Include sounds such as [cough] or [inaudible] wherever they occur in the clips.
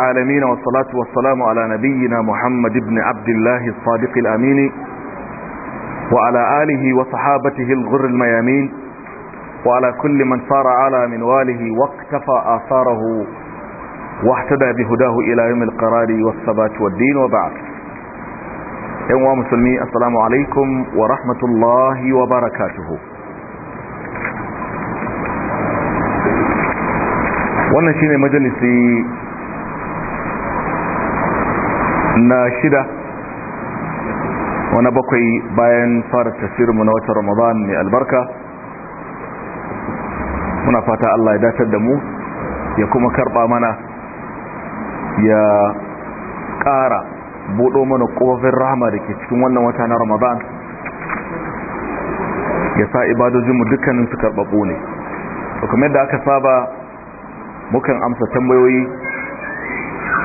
العالمين والصلاة والسلام على نبينا محمد بن عبد الله الصادق الأمين وعلى آله وصحابته الغر الميامين وعلى كل من صار على منواله واقتفى آثاره واحتدى بهداه إلى يوم القرار والثبات والدين وبعد يوم مسلمي السلام عليكم ورحمة الله وبركاته wannan shine majalisi na shida wani bakwai bayan fara tasirinmu na wata ramadan mai albarka muna fata allah ya datar da mu ya kuma karba mana ya ƙara buɗo mana ƙofin rahama da ke cikin wannan wata na ramadan ya sa ibadojinmu dukkanin su karɓaɓo ne to kamar yadda aka saba mukan amsa tambayoyi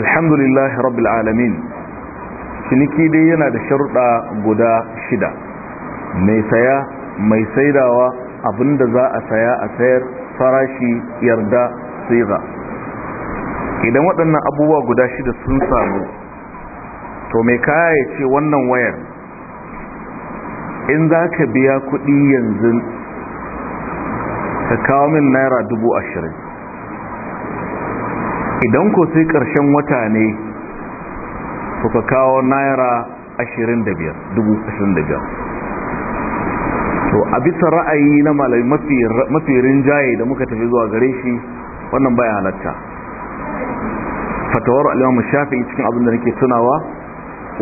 alhamdulillah rabbil alamin ciniki dai yana da sharuɗa guda shida mai saya mai saidawa abinda za a saya a sayar farashi yarda siga idan waɗannan abubuwa guda shida sun samu to mai kaya ya ce wannan wayar in za ka biya kuɗi yanzu ka kawo min naira dubu ashirin idan ko sai ƙarshen wata ne to ka kawo naira ashirin da biyar dubu ashirin da biyar to a bisa ra'ayi na malai mafi rinjaye da muka tafi zuwa gare shi wannan baya halatta fatawar mu shafi cikin abin da nake tunawa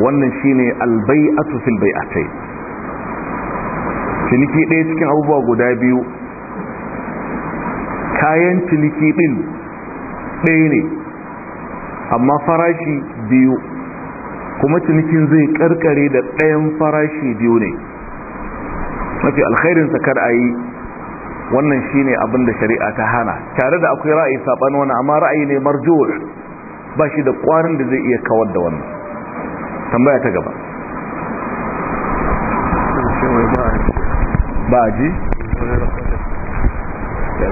wannan shine bai a bai'atai ciniki ɗaya cikin abubuwa guda biyu kayan ciniki ɗin ɗaya ne amma farashi biyu kuma cinikin zai ƙarƙare da ɗayan farashi biyu ne mafi alkhairin sakar a yi wannan shi ne abinda shari'a ta hana tare da akwai ra'ayi saɓani wani amma ra'ayi ne marjuwar ba shi da ƙwarin da zai iya kawar da wannan tambaya ta gaba ba ji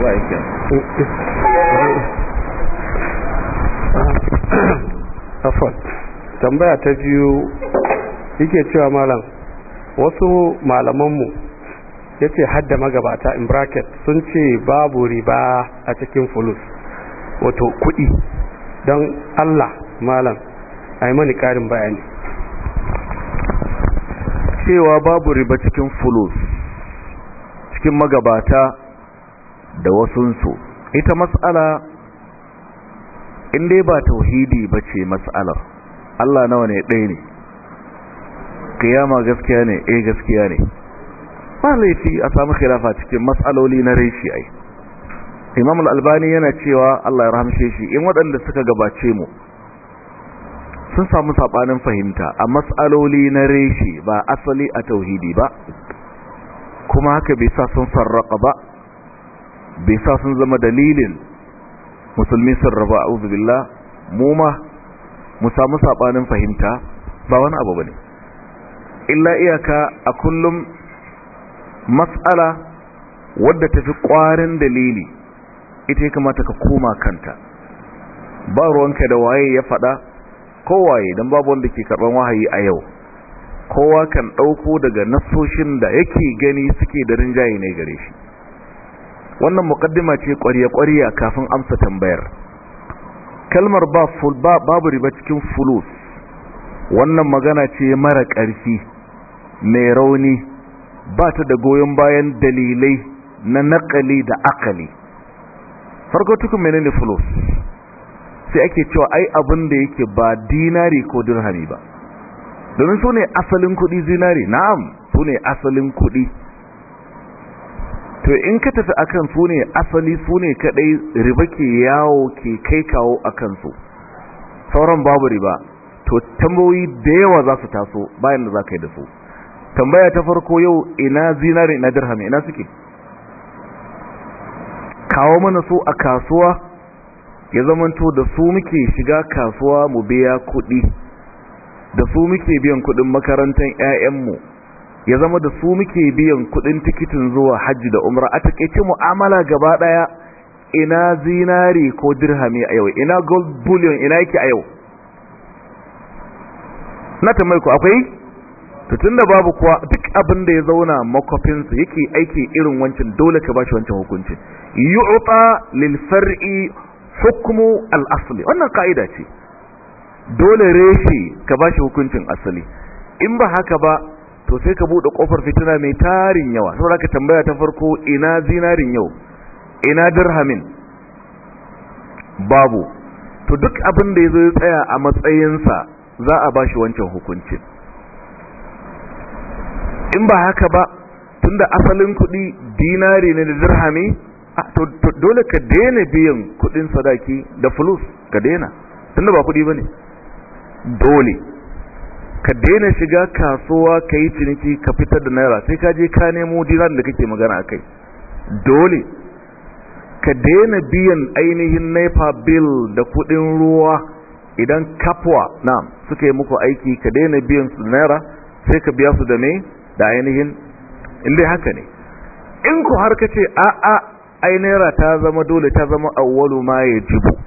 ba yake tambaya ta biyu yake cewa malam wasu malamanmu ya ce hadda magabata in bracket sun ce babu riba a cikin fulus wato kudi don allah malam a yi mani karin bayani cewa babu riba cikin fulus cikin magabata da wasunsu ita matsala in dai ba tauhidi ba ce matsalar Allah nawa ne ɗaya ne kiyama gaskiya ne eh gaskiya ne ba laifi a samu khilafa cikin matsaloli na reshi ai imam al-albani yana cewa Allah ya rahamshe shi in waɗanda suka gabace mu sun samu sabanin fahimta a matsaloli na reshi ba asali a tauhidi ba kuma haka bai sa sun farraka ba bai sa sun zama dalilin musulmi sun raba a uzubillah mu ma mu samu saɓanin fahimta ba wani abu ba ne illa iyaka a kullum matsala wadda ta fi ƙwarin dalili ita ya kamata ka koma kanta ba ruwanka da waye ya faɗa kowaye don babu wanda ke karɓar wahayi a yau kowa kan ɗauko daga nasoshin da yake gani suke da rinjaye ne gare shi wannan muqaddima ce ƙwarya-ƙwarya kafin amsa tambayar kalmar ba ful ba babu riba cikin fulus wannan magana ce mara ƙarfi mai rauni ba ta da goyon bayan dalilai na naƙali da akali farko tukun menene fulus sai ake cewa ai abin da yake ba dinari ko dirhami ba domin su ne asalin kuɗi zinari na'am su ne asalin kuɗi to in ka tafi akan su ne asali su ne kadai riba ke yawo ke kai kawo akan su sauran babu riba to tambayoyi da yawa za su taso bayan da za ka yi da su tambaya ta farko yau ina zinari ina dirham ina suke kawo mana su a kasuwa ya zamanto da su muke shiga kasuwa mu biya kuɗi da su muke biyan kuɗin makarantar 'ya'yanmu ya zama da su muke biyan kudin tikitin zuwa hajji da umra a takaice mu'amala gaba daya ina zinari ko dirhami a yau ina gold bullion ina yake a yau na tambayi ku akwai tutun da babu kuwa duk abin da ya zauna makofinsa yake aiki irin wancan dole ka bashi wancan hukuncin yu'ta lil far'i hukmu al wannan ka'ida ce dole reshe ka bashi hukuncin asali in ba haka ba to sai ka buɗe kofar fitina mai tarin yawa saboda ka tambaya ta farko ina zinarin yau ina dirhamin babu to duk abin da ya zo ya tsaya a matsayinsa za a bashi wancan hukunci in ba haka ba tunda asalin kuɗi dinari ne da dirhami to dole ka daina biyan kuɗin sadaki da fulus ka daina tunda ba kuɗi ba dole ka daina shiga kasuwa ka yi ciniki ka fitar da naira sai ka je ka nemo dinar da kake magana a kai dole ka daina biyan ainihin nepa bill da kudin ruwa idan kapwa na suka yi muku aiki ka daina biyan su naira sai ka biya su da me da ainihin inda haka ne in ku har ka ce a a ai naira ta zama dole ta zama awwalu ma ya jibu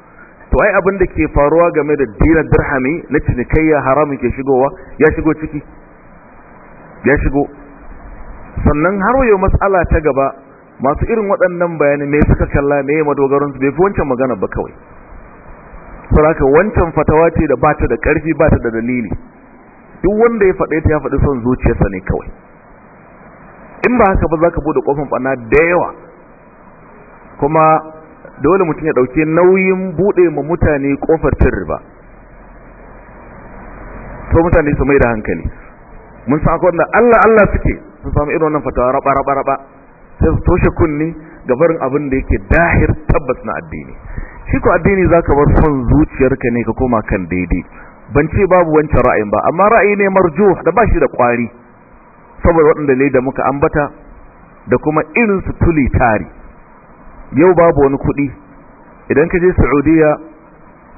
to ai abin da ke faruwa game da dinar dirhami na cinikayya haramun ke shigowa ya shigo ciki ya shigo sannan har yau matsala ta gaba masu irin waɗannan bayanai ne suka kalla ne madogaran su bai fi wancan magana ba kawai saboda wancan fatawa ce da bata da ƙarfi bata da dalili duk wanda ya faɗe ta ya faɗi son zuciyarsa ne kawai in ba haka ba za ka bude kofin ɓana da yawa kuma dole mutum ya dauke nauyin buɗe ma mutane kofar cin riba to mutane su mai da hankali mun san akwai wanda Allah Allah suke sun samu irin wannan fatawa raba raba raba sai su toshe kunni ga barin abin da yake dahir tabbas na addini shi ko addini zaka bar son zuciyarka ne ka koma kan daidai ban ce babu wancan ra'ayin ba amma ra'ayi ne marjo da ba shi da kwari saboda waɗanda ne da muka ambata da kuma irin su tuli tari yau babu wani kuɗi idan ka je saudiya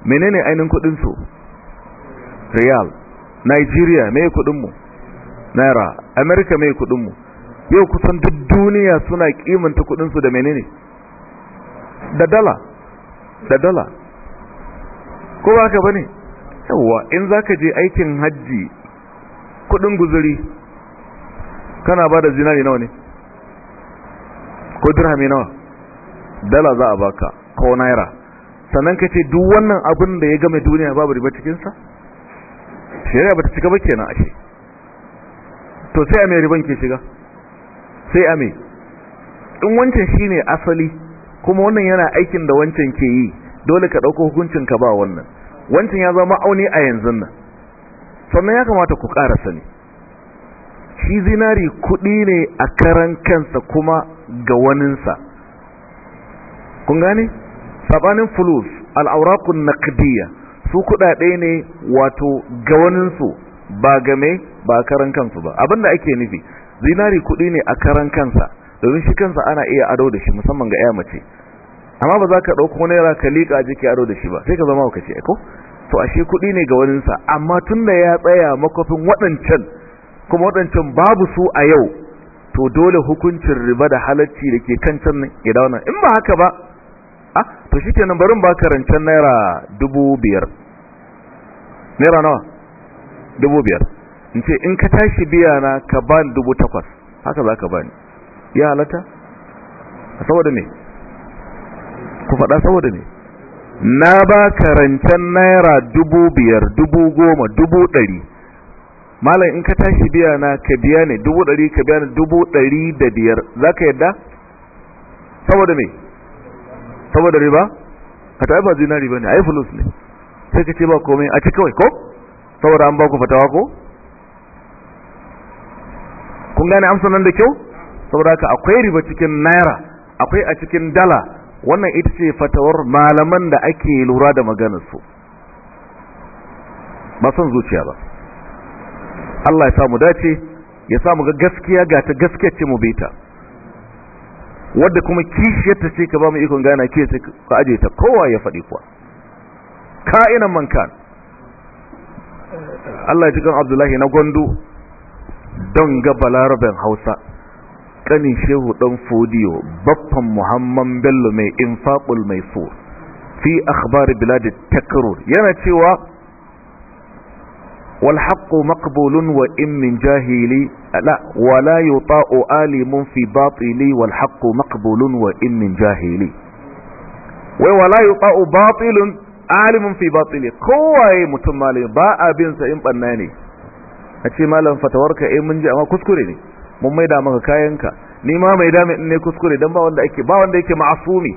menene ainihin kuɗinsu riyal nigeria mai kuɗinmu naira america mai kuɗinmu yau kusan duk duniya suna kimanta kuɗinsu da menene da dala da dala ko ba ka bane yauwa in za ka je aikin hajji kuɗin guzuri kana ba da zinari nawa ne ko dirhami nawa dala za a baka ko naira sannan ka ce duk wannan abin da ya game duniya babu riba cikinsa shari'a ba ta cika ba kenan ake to sai a mai riban ke shiga sai a mai in wancan shine asali kuma wannan yana aikin da wancan ke yi dole ka ɗauko hukuncin ka ba wannan wancan ya zama auni a yanzu nan sannan ya kamata ku ƙara sani shi zinari kuɗi ne a karan kansa kuma ga waninsa kun gane sabanin fulus al'aurakun naqdiyya su kuɗaɗe ne wato ga waninsu ba game ba karan kansu ba abinda ake nufi zinari kuɗi ne a karan kansa domin shi kansa ana iya ado da shi musamman ga 'ya mace amma ba za ka ɗauko naira ka liƙa jiki ado da shi ba sai ka zama ka ce ko to ashe kuɗi ne ga waninsa amma tun da ya tsaya makofin waɗancan kuma waɗancan babu su a yau to dole hukuncin riba da halacci da ke kan can ya dawo in ba haka ba a to shi kenan barin ba karancen naira dubu biyar naira nawa dubu biyar in ce in ka tashi biya na ka ba ni dubu takwas haka za ka ba ni ya halatta saboda me ku faɗa saboda me na ba karancen naira dubu biyar dubu goma dubu ɗari malam in ka tashi biya na ka biya ne dubu ɗari ka biya ne dubu ɗari da biyar za ka yadda saboda me saboda riba ka ta ba riba ne ai fulus ne sai ka ce ba komai a ci kawai ko saboda an ba ku fatawa ko kun gane amsa nan da kyau saboda haka akwai riba cikin naira akwai a cikin dala wannan ita ce fatawar malaman da ake lura da maganar su ba son zuciya ba Allah ya samu dace ya samu ga gaskiya ga ta gaskiya ce mu bita wadda kuma kishiyarta ce ka ba mu ikon gana ke ce ka aje ta kowa ya faɗi kuwa ka'inan mankan Allah ya kan abdullahi na gondo don ga balaraben hausa kanin shehu ɗan fodiyo baffan muhamman bello mai infaqul mai so fi akhbar bilad takarur yana cewa والحق مقبول وإن من جاهلي لا ولا يطاء آلم في باطلي والحق مقبول وإن من جاهلي ولا يطاء باطل alimin fi batili kowaye mutum malami ba abin sa in banna ne a ce malam fatawarka eh mun ji amma kuskure ne mun maida maka kayanka ni ma mai dame in ne kuskure ba wanda ake ba wanda yake ma'asumi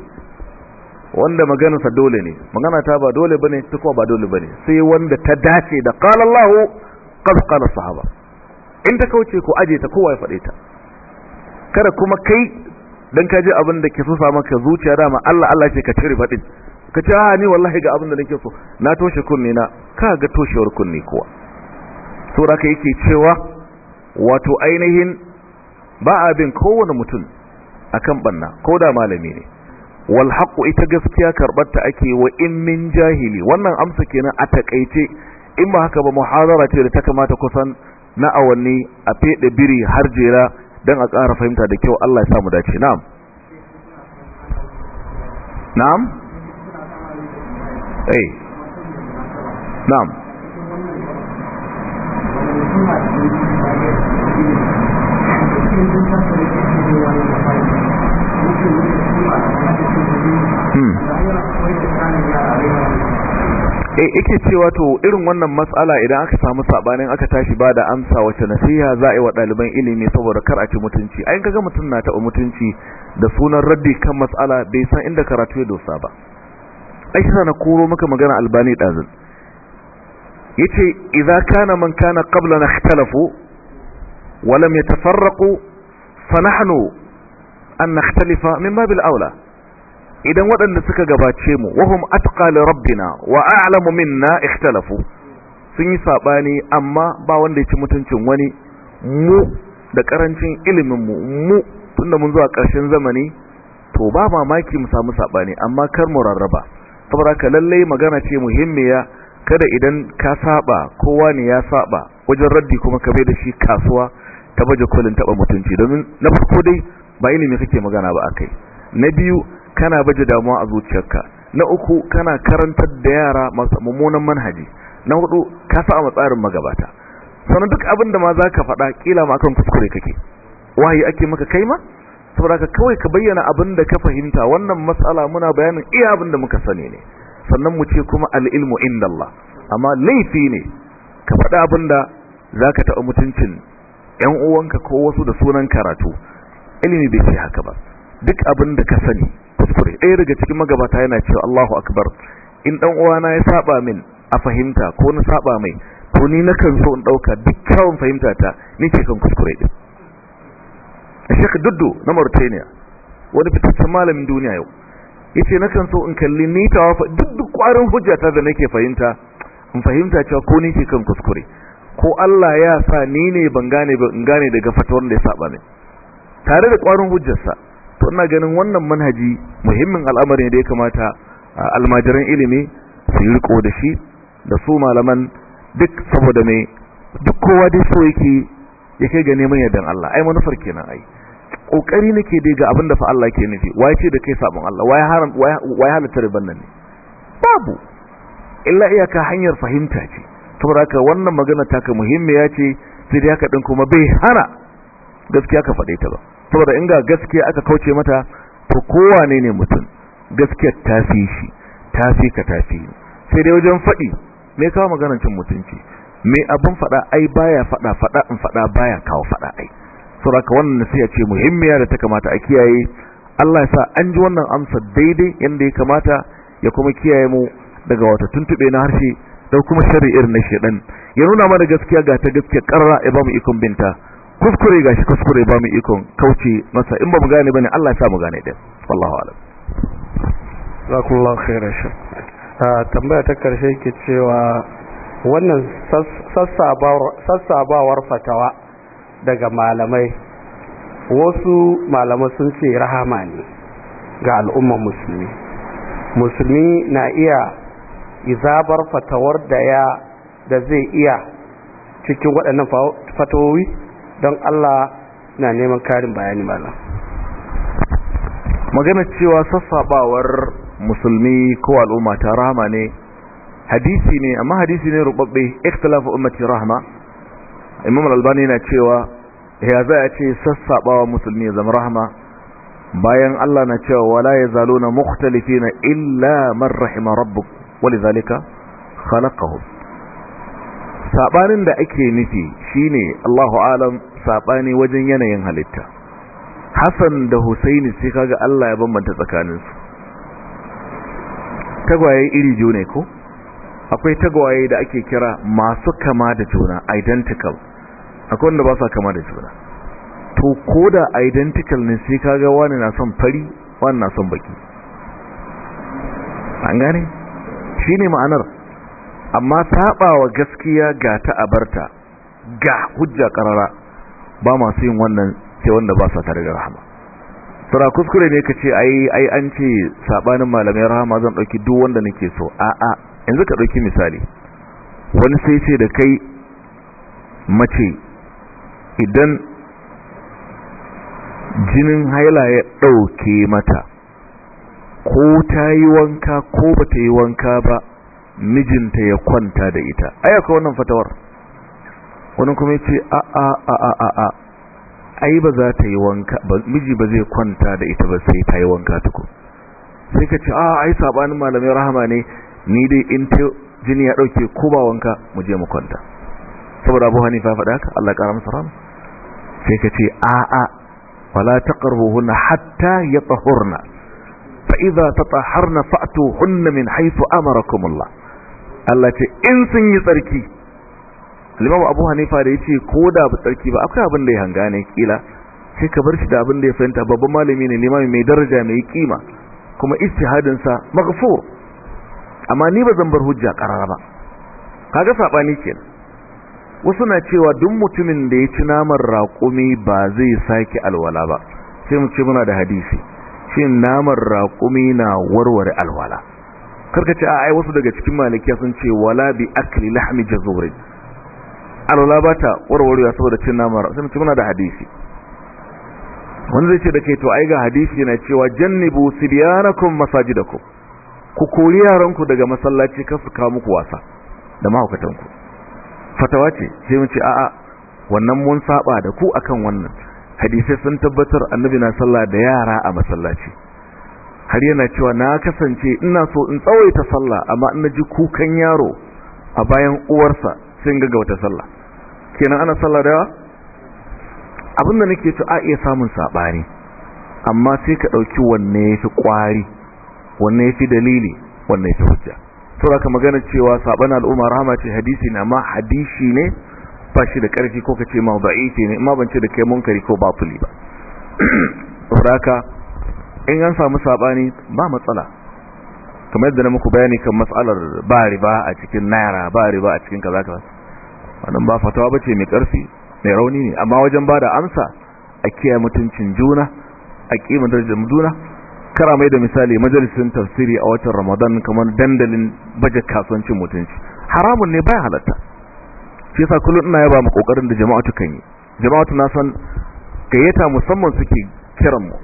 wanda maganarsa dole ne magana ta ba dole bane ta kuma ba dole bane sai wanda ta dace da qala Allahu qad qala sahaba in ta kauce ko aje ta kowa ya fade ta kada kuma kai dan ka ji abin da ke so maka zuciya dama Allah Allah ce ka cire fadin ka ce a ni wallahi ga abin da nake so na toshe kunne na ka ga toshewar kunne kuwa sura ka yake cewa wato ainihin ba abin kowane mutum akan banna ko da malami ne wal ita gaskiya karbar ta ake wa in min jahili wannan amsa kenan a takaice in ba haka ba muhadara ce da ta kamata kusan na awanni a feɗe biri har jera dan a ƙara fahimta da kyau Allah ya samu dace na'am na'am eh na'am yake cewa to irin wannan matsala idan aka samu sabanin aka tashi ba da amsa wace nasiha za a yi wa daliban ilimi saboda kar a ci mutunci ayin kaga mutum na taɓa mutunci da sunan raddi kan matsala bai san inda karatu ya dosa ba ai shi na koro maka magana albani dazin yace idza kana man kana qablana ikhtalafu wa lam yatafarraqu fa nahnu an nakhtalifa min babil aula idan waɗanda suka gabace mu wahum atqa rabbi rabbina wa a'lamu minna ikhtalafu sun yi sabani amma ba wanda ya ci mutuncin wani mu da karancin ilimin mu mu tunda mun zuwa ƙarshen zamani to ba mamaki mu samu sabani amma kar mu rarraba saboda ka lalle magana ce muhimmiya kada idan ka saba kowa ne ya saba wajen raddi kuma ka bai da shi kasuwa ta baje kolin taba mutunci domin na farko dai ba ilimi kake magana ba akai na biyu kana baje damuwa a zuciyarka na uku kana karantar da yara masu mummunan manhaji na hudu ka sa a tsarin magabata sannan duk abin da ma za ka faɗa ƙila ma akan kuskure kake wahayi ake maka kai ma saboda ka kawai ka bayyana abin da ka fahimta wannan matsala muna bayanin iya abin da muka sani ne sannan mu ce kuma al'ilmu inda Allah amma laifi ne ka fada abin da za ka taɓa mutuncin ‘yan uwanka ko wasu da sunan karatu ilimi bai ce haka ba duk abin da ka sani kuskure ɗaya daga cikin magabata yana cewa Allahu akbar in dan uwana ya saba min a fahimta ko na saba mai to ni na kan so in dauka duk kyawun fahimta ta ni ke kan kuskure din Sheikh Duddu na Mauritania wani fitaccen malamin duniya yau yace kan so in kalli ni tawa duk duk kwarin hujjata da nake fahimta in fahimta cewa ko ni ke kan kuskure ko Allah ya sa ni ne ban gane ba in gane daga fatawar da ya saba min tare da kwarin hujjarsa to ina ganin wannan manhaji muhimmin al'amari ne da ya kamata almajiran ilimi su yi riko da shi da su malaman duk saboda mai duk kowa dai so yake ya kai ga neman yardan Allah ai manufar kenan ai kokari nake dai ga abin da fa Allah ke nufi wai ce da kai sabon Allah wai haram wai halatta riban nan ne babu illa iyaka hanyar fahimta ce saboda haka wannan magana taka muhimmiya ce sai dai haka din kuma bai hana gaskiya ka faɗe ta ba saboda in ga gaskiya aka kauce mata to kowane ne mutum gaskiyar ta fi shi ta fi ka ta fi sai dai wajen faɗi me kawo maganar cin mutunci me abin faɗa ai baya faɗa faɗa in faɗa baya kawo faɗa ai saboda wannan nasiha ce muhimmiya da ta kamata a kiyaye Allah ya sa an ji wannan amsa daidai yanda ya kamata ya kuma kiyaye mu daga wata tuntube na harshe da kuma shari'ir na shedan ya nuna mana gaskiya ga ta gaskiya karra ya ba mu ikon binta kuskure gashi kuskure ba mu ikon kauce masa in ba mu gane bane Allah ya sa mu gane din wallahu alam jazakallahu khairan ah, tambaya ta karshe ke cewa wannan sassabawar fatawa daga malamai wasu malamai sun ce rahama ne ga al'ummar musulmi musulmi na iya izabar fatawar da ya da zai iya cikin waɗannan fatawowi don Allah na neman karin bayani malam magana cewa sassabawar musulmi ko al'umma ta rahama ne hadisi ne amma hadisi ne rubabbe ikhtilafu ummati rahama imam al-albani na cewa ya za ce sassabawa musulmi ya zama rahama bayan Allah na cewa wala yazaluna mukhtalifina illa man rahima rabbuk walizalika khalaqahum sabanin da ake nufi shine Allahu alam sabani wajen yanayin halitta Hassan da Husaini sai kaga Allah ya bambanta tsakaninsu tagwaye iri june ko akwai tagwaye da ake kira masu kama da juna identical akwai wanda ba sa kama da juna to ko da identical ne sai kaga wani na son fari wani na son baki an gane shi ma'anar amma saɓawa gaskiya ga ta'abarta ga hujja ƙarara ba masu yin wannan ce wanda ba sa tare da rahama tura kuskure ne ka ce ai ai an ce sabanin malamai rahama zan dauki duk wanda nake so a a yanzu ka dauki misali wani sai ce da kai mace idan jinin haila ya dauke mata ko ta yi wanka ko ba ta yi wanka ba mijinta ya kwanta da ita ayyaka wannan fatawar wani kuma ya ce a a a a a a ai ba za ta yi wanka miji ba zai kwanta da ita ba sai ta yi wanka tuku sai ka ce a ai sabanin malamai rahama ne ni dai in ta jini ya ɗauke ko ba wanka mu je mu kwanta saboda abu fa faɗa haka allah ƙara masa rama sai ka ce a a wala hunna hatta tsahurna fa tsaharna fa'atu hunna min amara amarakumullah Allah ce in sun yi tsarki limamu abu hanifa da ya ce ko da ba tsarki ba akwai abin da ya hanga ne kila sai ka bar shi da abin da ya fahimta babban malami ne limami mai daraja mai kima kuma istihadinsa maghfur amma ni ba zan bar hujja karara ba kaga sabani ke wasu na cewa duk mutumin da ya ci naman raƙumi ba zai sake alwala ba sai mu ce muna da hadisi shin naman raƙumi na warware alwala karka ce a ai wasu daga cikin malikiya sun ce wala bi akli lahmi jazurin alwala ba ta warwarewa saboda cin nama sai mutum muna da hadisi wanda zai ce da kai to ai ga hadisi yana cewa jannibu sibyanakum masajidakum ku kori yaranku daga masallaci kan su kawo muku wasa da mahaukatanku fatawa ce sai mun ce a'a wannan mun saba da ku akan wannan hadisai sun tabbatar annabi na sallah da yara a masallaci har yana cewa na kasance ina so in tsawaita sallah amma in ji kukan yaro a bayan uwarsa sun ga wata sallah kenan ana sallah da yawa abinda nake to a iya samun sabani amma sai ka dauki wanne yafi kwari wanne yafi dalili wanne yafi hujja to ka magana cewa saban al'umma rahama ce hadisi na ma hadisi ne ba shi da karfi ko kace ma da'ifi ne amma ban ce da kai munkari ko bafuli ba raka [clears throat] in an samu sabani ba matsala kamar yadda na muku bayani kan matsalar ba riba a cikin naira ba a cikin kaza kaza wannan ba fatawa bace mai karfi mai rauni ne amma wajen bada amsa a kiyaye mutuncin juna a kima darajar juna kara mai da misali majalisin tafsiri a watan Ramadan kamar dandalin baje kasuwancin mutunci haramun ne bai halatta shi yasa kullun ina yaba mu kokarin da jama'atu kan yi jama'atu na san gayyata musamman suke kiran mu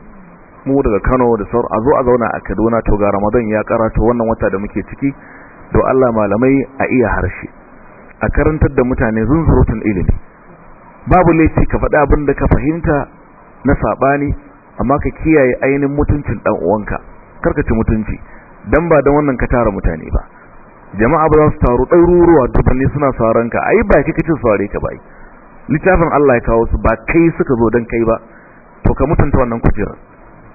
mu daga Kano da sauran a zo a zauna a Kaduna to ga Ramadan ya karato wannan wata da muke ciki to Allah malamai a iya harshe a karantar da mutane zunzurutun ilimi babu laifi ka faɗa abin da ka fahimta na saɓani amma ka kiyaye ainihin mutuncin ɗan uwanka ci mutunci dan ba dan wannan ka tara mutane ba jama'a ba za su taru ɗaruruwa dubanni suna sauran ka ai ba kika cin saurare ka bai littafin Allah ya kawo su ba kai suka zo dan kai ba to ka mutunta wannan kujera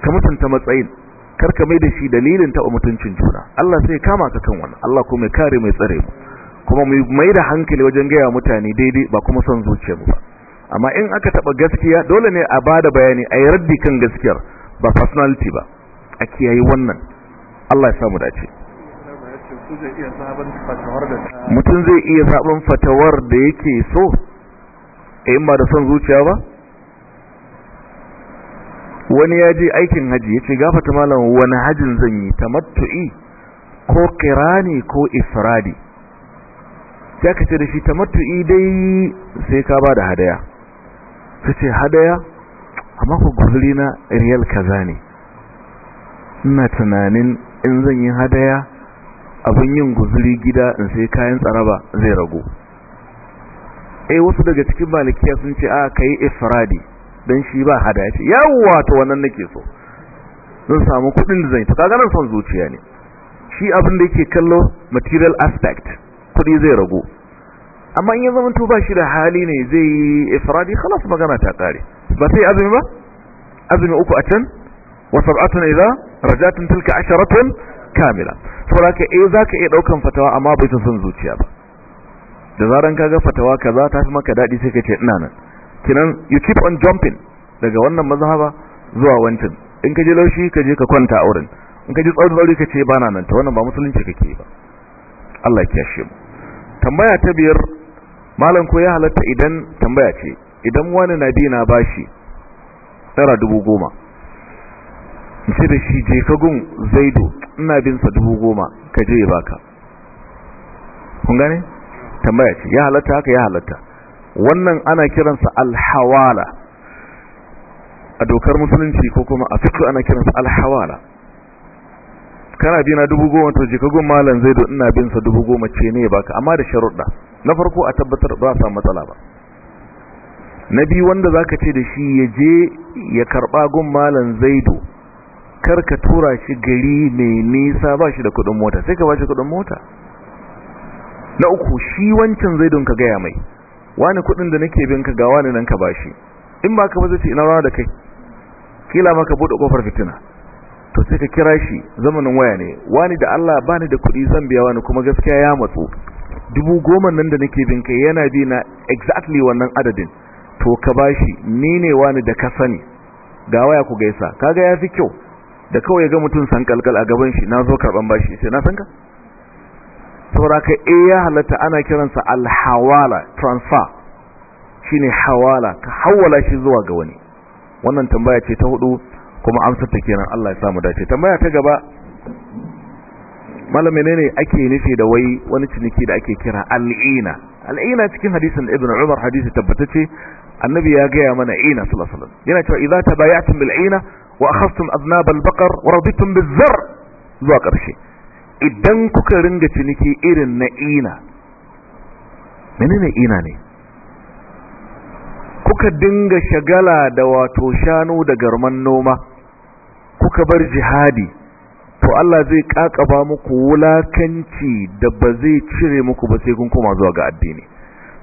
ka mutunta matsayin kar ka mai da shi dalilin taɓa mutuncin juna Allah sai kama ka kan wannan Allah kuma ya kare mai tsare mu kuma mu mai da hankali wajen gaya mutane daidai ba kuma son zuciya ba amma in aka taba gaskiya dole ne a bada bayani a yi raddi kan gaskiyar ba personality ba a kiyaye wannan Allah ya samu dace mutum zai iya sabon fatawar da yake so eh, in ba da son zuciya ba wani ya je aikin haji ya ce gafata malam wani hajin zan yi tamattu'i ko kirani ko ifradi sai ka ce da shi tamattu'i dai sai ka ba da hadaya su ce hadaya amma ku guzuri na riyal kaza ne ina tunanin in zan yi hadaya abin yin guzuri gida in sai kayan tsaraba zai rago E, eh, wasu daga cikin malikiya sun ce a ka yi ifradi don shi ba hadaya ce yawwa ta wannan nake so zan samu kudin da zai ta son zuciya ne shi abin da yake kallo material aspect kudi zai ragu amma in ya zama to shi da hali ne zai yi ifradi khalas magana ta kare ba sai azumi ba azumi uku a can wa sab'atun idza rajatun tilka asharatun kamila saboda eh zaka iya daukan fatawa amma bai san zuciya ba da zaran kaga fatawa kaza ta fi maka dadi sai ka ce ina nan kinan you keep on jumping daga wannan mazhaba zuwa wancan in ka ji laushi ka ka kwanta a wurin in ka ji tsauri ka ce ba nan ta wannan ba musulunci kake ba Allah ya kiyashe mu tambaya ta biyar malam ko ya halatta idan tambaya ce idan wani na bi na bashi tara dubu goma shi da shi je ka gun zaido ina bin sa dubu goma ka je baka kun gane tambaya ce ya halatta haka ya halatta wannan ana kiransa alhawala a dokar musulunci ko kuma a fiƙo ana kiransa alhawala kana bina dubu goma to jika gun malam zai do ina bin sa dubu goma ce ne baka amma da sharuɗa na farko a tabbatar ba sa matsala ba na biyu wanda zaka ce da shi ya je ya karba gun malam zaido kar ka tura shi gari mai nisa ba shi da kuɗin mota sai ka ba shi kuɗin mota na uku shi wancan zaidun ka gaya mai wani kuɗin da nake bin ka ga wani nan ka ba shi in ba ka ba zai ce ina rana da kai kila maka buɗe kofar fitina to sai ka kira shi zamanin waya ne wani da Allah bani da kuɗi zan biya wani kuma gaskiya ya matsu dubu goma nan da nake bin kai yana bi na exactly wannan adadin to ka bashi ni ne wani da ka sani ga waya ku gaisa kaga ya fi kyau da kawai ga mutum san kalkal a gaban shi na zo karban bashi sai na san ka saboda ka e eh, ya halatta ana kiransa alhawala transfer shine hawala ka hawala shi zuwa ga wani wannan tambaya ce ta hudu kuma amsar ta kenan Allah ya samu dace tambaya ta gaba malam menene ake nufi da wai wani ciniki da ake kira al'ina al'ina cikin hadisin ibn umar hadisi tabbatacce annabi ya gaya mana ina sallallahu alaihi wasallam yana cewa idza tabayatum bil ina wa aznab al baqar wa raditum zar zuwa karshe idan kuka ringa ciniki irin na ina menene ina ne kuka dinga shagala da wato shanu da garman noma kuka bar jihadi to Allah zai kakaba muku wulakanci da ba zai cire muku ba sai kun koma zuwa ga addini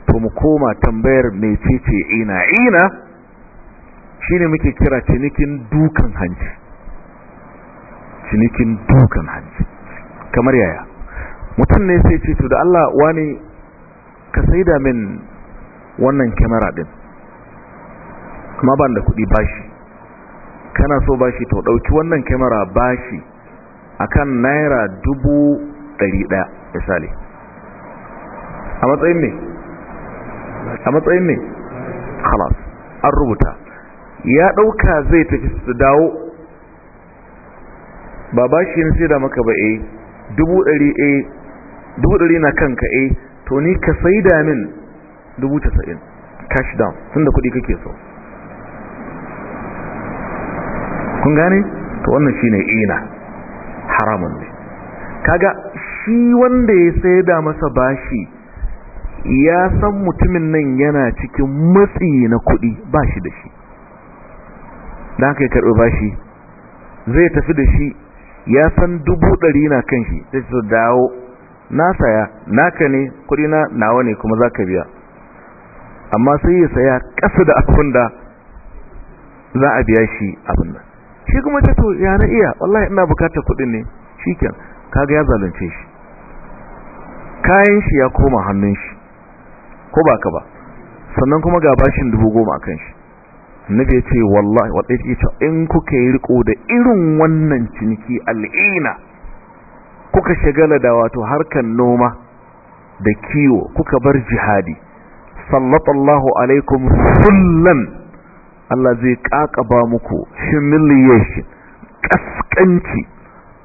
to mu koma tambayar mecece ina ina shine muke kira cinikin dukan hanci cinikin dukan hanci kamar yaya mutum ne sai ce to da Allah wani ka saida min wannan kyamara din kuma ban da kuɗi bashi kana so bashi to ɗauki wannan kyamara bashi akan naira dubu ɗari ɗaya misali a matsayin ne a matsayin ne halas an rubuta ya ɗauka zai tafi su dawo ba bashi ne sai da maka ba eh dubu dari eh dubu dari na kanka eh to ni ka sai da min dubu casa'in cash down tun da kuɗi kake so kun gane to wannan shine ina haramun ne kaga shi wanda ya sayar da masa bashi ya san mutumin nan yana cikin matsi na kuɗi bashi shi da shi da aka yi karɓi bashi zai tafi da shi ya san dubu ɗari na kan shi zai su dawo na saya naka ne kuɗi na nawa ne kuma zaka biya amma sai ya saya ƙasa da abin da za a biya shi abin nan shi kuma ta to ya na iya wallahi ina bukatar kuɗin ne shiken kaga ya zalunce shi kayan shi ya koma hannun shi ko ba ba sannan kuma ga bashin dubu goma a kan shi annabi ya ce wallahi wa ya ce in kuka yi riko da irin wannan ciniki al'ina kuka shagala da wato harkan noma da kiwo kuka bar jihadi sallallahu alaikum sullan Allah zai kakaba muku humiliation kaskanci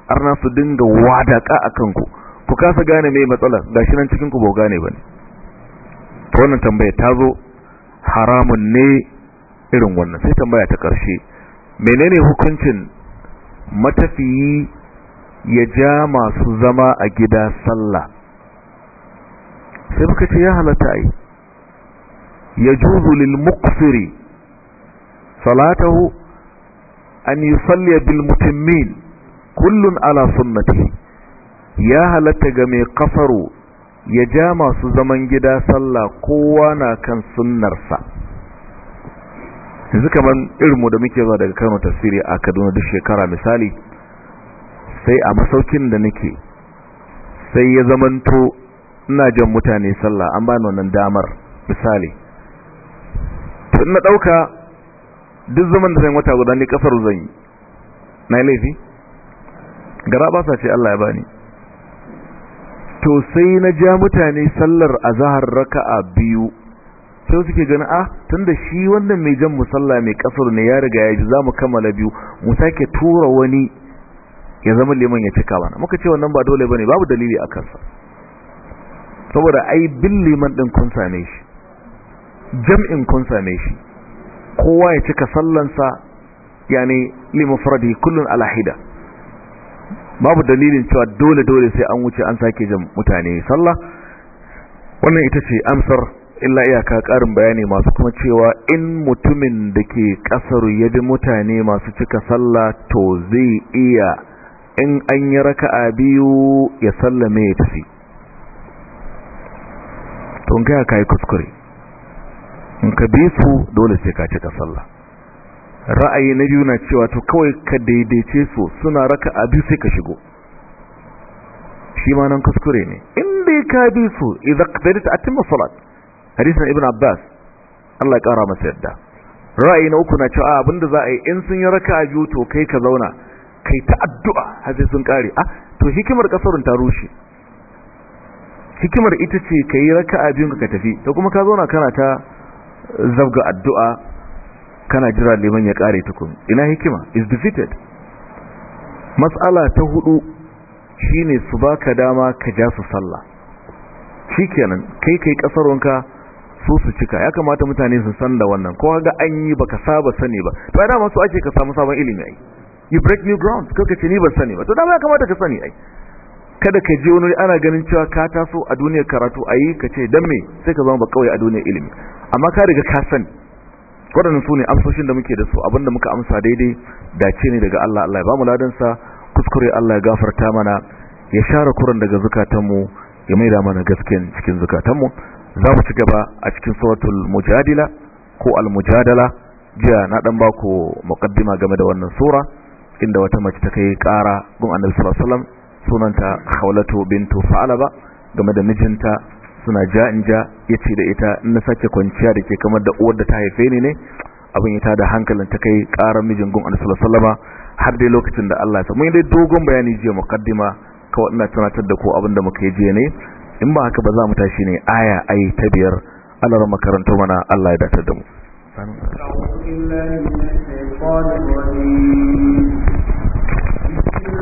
arna su dinga wadaka a kanku ku kasa gane mai matsala gashi nan cikin ku ba gane bane to wannan tambaya ta zo haramun ne irin wannan sai tambaya ta karshe menene hukuncin matafiyi ya ja masu zama a gida sallah sai muka ce ya halatta ai yajuzu lil muqsiri salatahu an yusalli bil mutimmin kullum ala sunnati ya halatta game mai kafaru ya ja masu zaman gida sallah kowa na kan sunnarsa yanzu kamar irinmu da muke zuwa daga kano tasiri a kaduna duk shekara misali sai a masaukin da nake sai ya zamanto ina jan mutane sallah an bani wannan damar misali tun na ɗauka duk zaman da zan wata guda ne kasar zan yi na laifi gara ba sa ce Allah ya bani to sai na ja mutane sallar azahar a biyu sai suke gani a ah, tunda shi wannan mai jan musalla mai kasar ne ya riga ya ji za mu kammala biyu mu sake tura wani ya zama liman ya cika mana muka ce wannan ba dole ba bane babu dalili a kansa saboda ai bin liman din kun same shi jam'in kun same shi kowa ya cika sallansa yani limufradi kullun ala hida babu dalilin cewa dole dole sai an wuce an sake jin mutane sallah wannan ita ce amsar illa iyaka karin bayani masu kuma cewa in mutumin da ke kasar ya bi mutane masu cika sallah to zai iya in an yi raka'a biyu ya sallame ya tafi to ga kai kuskure in ka bi su dole sai ka cika sallah ra'ayi na biyu na cewa to kawai ka daidaice su suna raka biyu sai ka shigo shi ma nan kuskure ne in dai ka bi su idan qadalta atimma salat na ibn abbas Allah ya kara masa yadda ra'ayi na uku na cewa ah, abinda za a yi in sun yi raka a biyu to kai ka zauna kai ta addu'a har sai sun kare ah to hikimar kasarun ta rushe hikimar ita ce kai raka'a biyun ka tafi to kuma ka zauna kana ta zabga addu'a kana jira liman ya kare tukun ina hikima is defeated matsala ta hudu shine su baka dama ka ja su sallah shikenan kai kai kasarwanka su su cika ya kamata mutane su san da wannan ko ga an yi baka saba sani ba to dama su ake ka samu sabon ilimi ai you break new ground ko ni ba sani ba to dama ya kamata ka sani ai kada ka je wani ana ganin cewa ka taso a duniyar karatu ayi ka ce don me sai ka zama ba kawai a duniyar ilimi amma ka riga ka sani waɗannan su ne amsoshin da muke da su abinda muka amsa daidai dace ne daga Allah Allah ya ba mu sa kuskure Allah ya gafarta mana ya share kuran daga zukatanmu ya maida mana gaskiyan cikin zukatanmu za mu ci gaba a cikin suratul mujadila ko al-mujadala jiya na dan bako muqaddima game da wannan sura inda wata mace ta kai kara gun annabi sallallahu alaihi wasallam sunanta haulatu bintu fa'alaba game da mijinta suna ja in ja ya da ita na sake kwanciya da ke kamar da uwar da ta haife ni ne abin ya tada hankalin ta kai karar mijin gun alisallah sallama har dai lokacin da Allah ya samu dai dogon bayani jiya mukaddima kawai ina tunatar da ko abin da muka yi jiya ne in ba haka ba za mu tashi ne aya ayi ta biyar alar makarantu mana Allah ya datar da mu.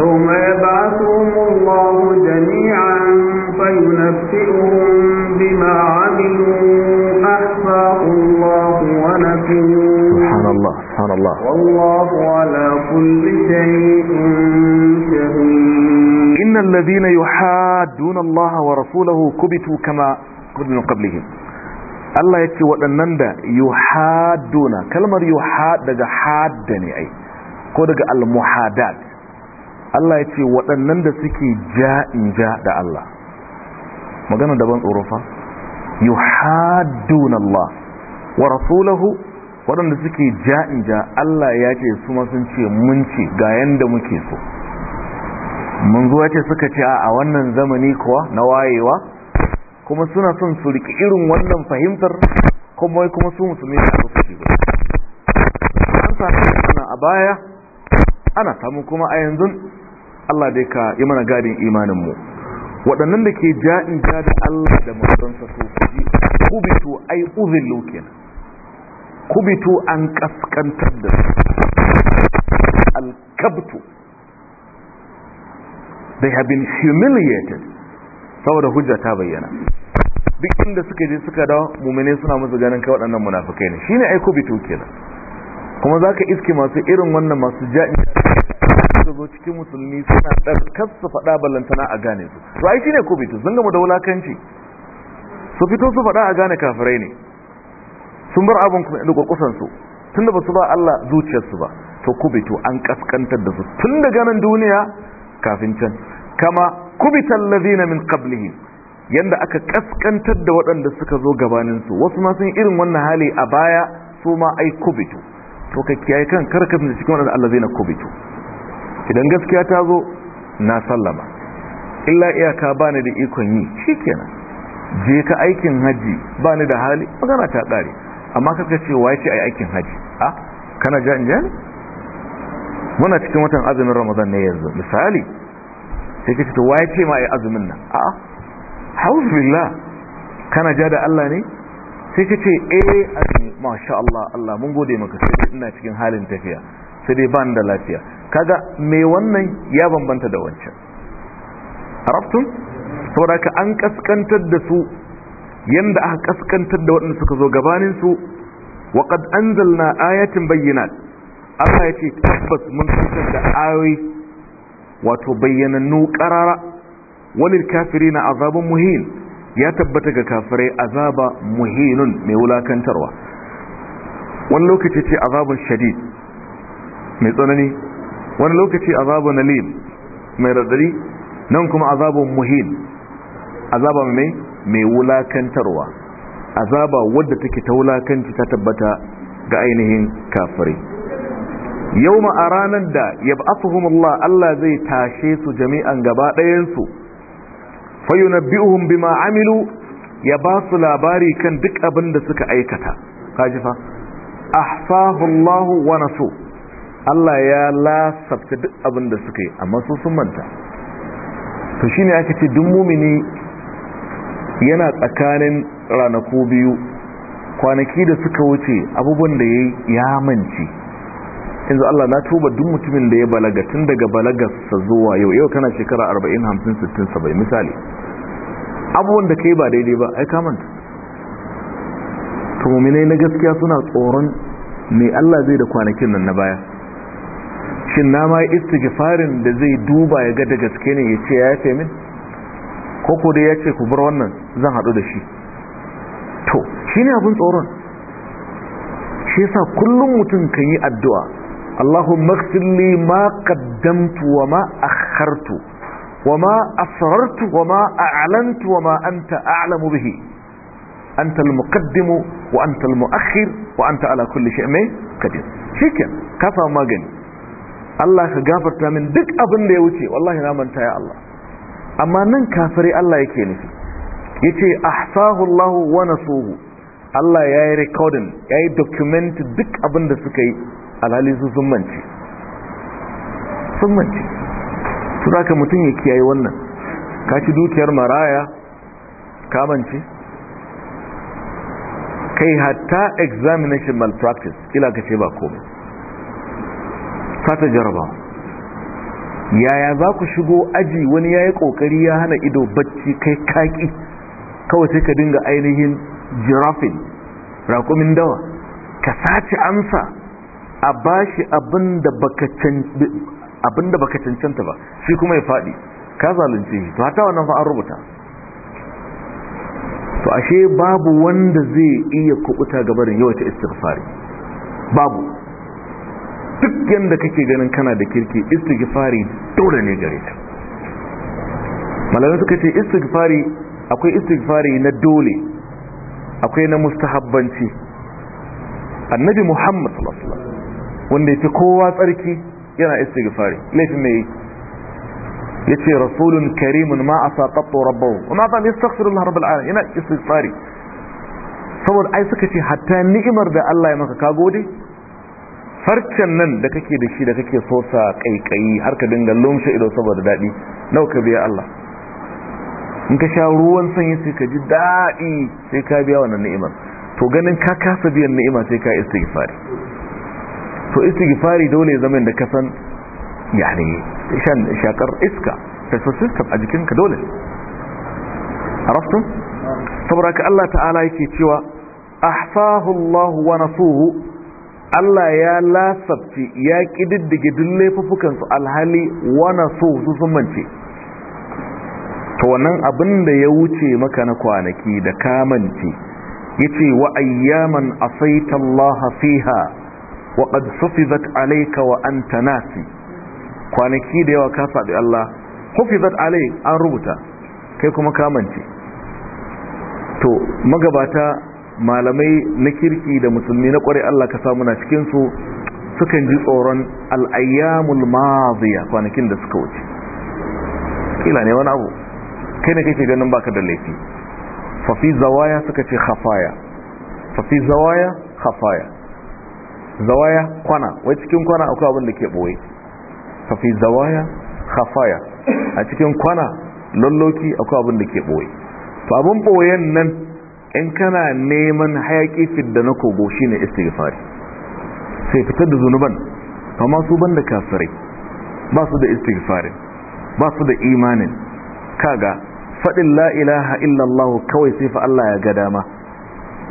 يوم يبعثهم الله جميعا فينبئهم بما عملوا أحصاه الله ونسوه سبحان الله سبحان الله والله على كل شيء شهيد إن الذين يحادون الله ورسوله كبتوا كما من قبلهم الله ya ce يحادون كلمة يحاد دقى yuhad أي hadda دقى المحادات Allah ya ce waɗannan da suke ja in ja da Allah magana daban tsorofa yuhaddun Allah wa rasulahu waɗanda suke ja in ja Allah ya ce su masu ce mun ce ga yanda muke so mun zuwa ce suka ce a wannan zamani kuwa na wayewa kuma suna son su riƙi irin wannan fahimtar kuma kuma su musulmi a shi ba an samu a baya ana samu kuma a yanzu Allah dai ka yi mana gadin imanin mu waɗannan da ke ja'in ja da Allah da manzonsa su ji kubitu ai uzillu kenan kubitu an kaskantar da su, alkabtu they have been humiliated saboda hujja ta bayyana duk inda suka je suka dawo mumine suna musu ganin kai waɗannan munafikai ne shine ai kubitu kenan kuma zaka iske masu irin wannan masu da. suka zo cikin musulmi suna ɗarkar su faɗa ballantana a gane su to ai shine ko fito sun gama da wulakanci su fito su faɗa a gane kafirai ne sun bar abin da kurkusan su tunda ba su ba Allah zuciyarsu ba to kubitu an kaskantar da su tun da ganin duniya kafin can kama kubitan na min qablihim yanda aka kaskantar da waɗanda suka zo gabaninsu wasu ma sun irin wannan hali a baya su ma ai kubitu to ka kiyaye kan karkar da cikin waɗanda Allah zai na kubitu idan gaskiya ta zo na sallama illa iyaka bani da ikon yi kenan je ka aikin haji bani da hali magana ta kare amma kaka ce wai ce ai aikin haji a kana jan jan muna cikin watan azumin ramadan ne yanzu misali sai kace to ce ma ai azumin nan a hauz billah kana ja da Allah ne sai kace eh masha Allah Allah mun gode maka sai ina cikin halin tafiya sai dai ban da lafiya kaga me wannan ya bambanta da wancan arabtun saboda ka an kaskantar da su yanda aka kaskantar da waɗanda suka zo gabanin su wa qad anzalna ayatin bayyinat Allah ya ce tabbas mun fitar da ayoyi wato bayyanannu qarara walil kafirina azabun muhin ya tabbata ga kafirai azaba muhinun mai wulakantarwa wani lokaci ce azabun shadid mai tsanani wani lokaci azabu nalim mai radari nan kuma azabun muhin azaba mai mai wulakantarwa azaba wadda take ta wulakanci ta tabbata ga ainihin kafirai yau a ranar da ya Allah Allah zai tashe su jami'an gaba ɗayansu fayyunabbi'uhum bi ma'amilu ya ba su labari kan duk abin da suka aikata jifa? ahsahu Allah wa nasu Allah ya lasafta duk abin da suka yi amma su sun manta to shine aka ce duk mumini yana tsakanin ranaku biyu kwanaki da suka wuce abubuwan da ya ya manci yanzu Allah na tuba duk mutumin da ya balaga tun daga balagarsa zuwa yau yau kana shekara 40 50 60 70 misali abubuwan da kai ba daidai ba ai ka manta to na gaskiya suna tsoron me Allah zai da kwanakin nan na baya shin na ma istighfarin da zai duba ya ga da gaske ne ya ce ya yafe min ko ko dai ya ce ku bar wannan zan haɗu da shi to shi ne abin tsoron shi yasa kullum mutum kan yi addu'a Allahumma ighfir li ma qaddamtu wa ma akhartu wa ma asrartu wa ma a'lantu wa ma anta a'lamu bihi anta al-muqaddim wa anta al-mu'akhir wa anta ala kulli shay'in qadir shikken ka samu magani Allah ka gafarta min duk abin da ya wuce wallahi na manta ya Allah amma nan kafiri Allah yake nufi yace ahsahu Allah wa nasuhu Allah ya yi recording ya yi document duk abin da suka yi alhali su sun mance sun mance su ka mutum ya kiyaye wannan ka ci dukiyar maraya ka mance kai hatta examination malpractice kila ka ce ba komai fata jaraba yaya za ku shigo aji wani ya yi ƙoƙari ya hana ido bacci kai kaƙi kawai sai ka dinga ainihin jirafin raƙumin dawa ka sace amsa a bashi abin da baka cancanta ba shi kuma ya faɗi ka zalunce shi to hata wannan fa rubuta to ashe babu wanda zai iya kubuta gabarin yawaita istirfari babu duk yadda kake ganin kana da kirki istighfari dole ne gare ta malamai suka ce istighfari akwai istighfari na dole akwai na mustahabbanci annabi muhammad sallallahu alaihi wasallam wanda yake kowa tsarki yana istighfari laifin mai yace rasulun karimun ma asaqatu qattu rabbahu wa ma yastaghfiru lillahi rabbil alamin yana istighfari saboda ai suka ce hatta ni'imar da Allah ya maka ka gode farcen nan da kake da shi da kake so sa kaikayi har ka dinga lumshe ido saboda dadi nawa ka biya Allah in ka sha ruwan sanyi sai ka ji dadi sai ka biya wannan ni'imar to ganin ka kasa biyan ni'ima sai ka istighfari to istighfari dole ya zama da ka san yani shan shakar iska fesfesiskap a jikinka dole arafta saboda ka Allah ta'ala yake cewa ahsahu Allah wa nasuhu Allah ya lasabci ya ƙididdige duk laifuffukansu alhali wana so su sun to wannan abin da ya wuce maka na kwanaki da kamance ya ce wa ayyaman asaita Allah fiha wa qad sufizat alayka wa anta nasi kwanaki da yawa ka faɗi Allah sufizat alai an rubuta kai kuma kamance to magabata malamai na kirki da musulmi na kware Allah ka samu na cikin sukan ji tsoron al'ayyamul maziya kwanakin da suka wuce kila ne wani abu kai ne kake ganin baka da laifi fafi zawaya suka ce hafaya, fafi zawaya hafaya, zawaya kwana wai cikin kwana akwai abin da ke boye fafi zawaya hafaya a cikin kwana lalloki akwai abin da ke boye to abin boyen nan in kana neman hayaki da na kogo shine istighfari sai fitar da zunuban Kama su banda kafirai ba su da istighfari ba su da imanin kaga faɗin la ilaha illallah kawai sai fa Allah ya ga dama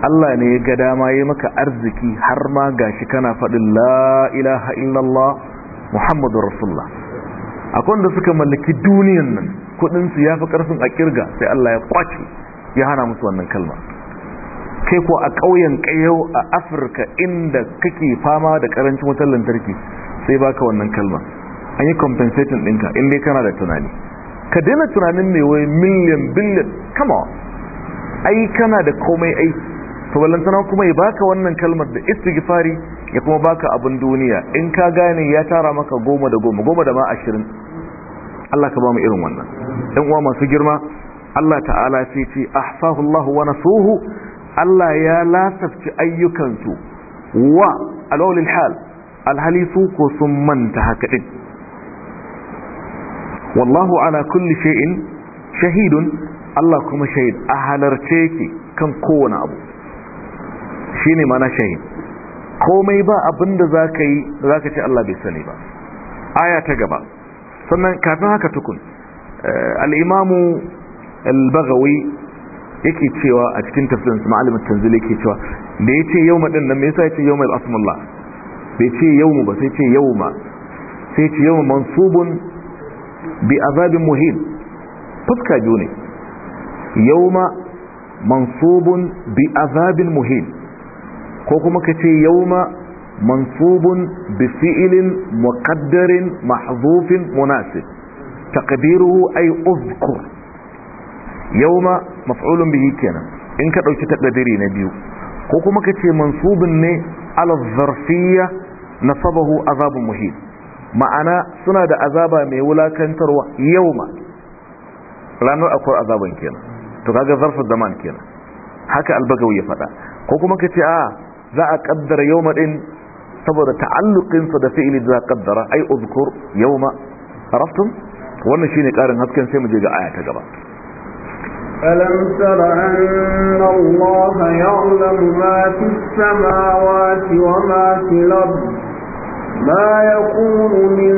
Allah ne ya ga dama yayi maka arziki har ma gashi kana faɗin la ilaha illallah Muhammadu rasulullah akwai wanda suka mallaki duniyan nan kuɗinsu ya fi karfin a kirga sai Allah ya kwace ya hana musu wannan kalma kai ko a ƙauyen ƙayyau a afirka inda kake fama da ƙarancin wutar lantarki sai baka wannan kalma an yi compensation ɗinka inda kana da tunani ka daina tunanin mai wai miliyan biliyan kama ai kana da komai ai to ballantana kuma ya baka wannan kalmar da istighfari ya kuma baka abin duniya in ka gane ya tara maka goma da goma goma da ma ashirin Allah ka ba mu irin wannan ɗan uwa masu girma Allah ta'ala sai ce ahsahu Allah wa nasuhu Allah ya lasafci ayyukansu wa alawlil hal alhali su ko sun manta haka din wallahu ala kulli shay'in shahidun Allah kuma shahid a halarce yake kan kowane abu shine mana shahid komai ba abinda zaka yi zaka ce Allah bai sani ba aya ta gaba sannan kafin haka tukun eh, al-imamu al-baghawi yake cewa a cikin tafsirin sa ma'alim tanzil yake cewa da yace yawma din nan me yasa yace yawmal asmullah bai ce yawmu ba sai ce yawma sai ce yawma mansubun bi azabin muhin fuska june? ne yawma mansubun bi azabin muhin ko kuma ka ce yawma mansubun bi fi'lin muqaddarin mahzufin munasib taqdiruhu ay uzkur yawma maf'ulun bihi kenan in ka ɗauki taqdiri na biyu ko kuma kace mansubin ne ala na nasabahu azabun muhim ma'ana suna da azaba mai wulakantarwa yawma ranar akwai azaban kenan to kaga zarfin zaman kenan haka albagawi ya faɗa ko kuma kace a za a ƙaddara yawma ɗin saboda ta'allukinsa sa da za a kaddara ai uzkur yawma araftum wannan shine ƙarin hasken sai mu je ga aya ta gaba ألم تر أن الله يعلم ما في السماوات وما في الأرض ما يكون من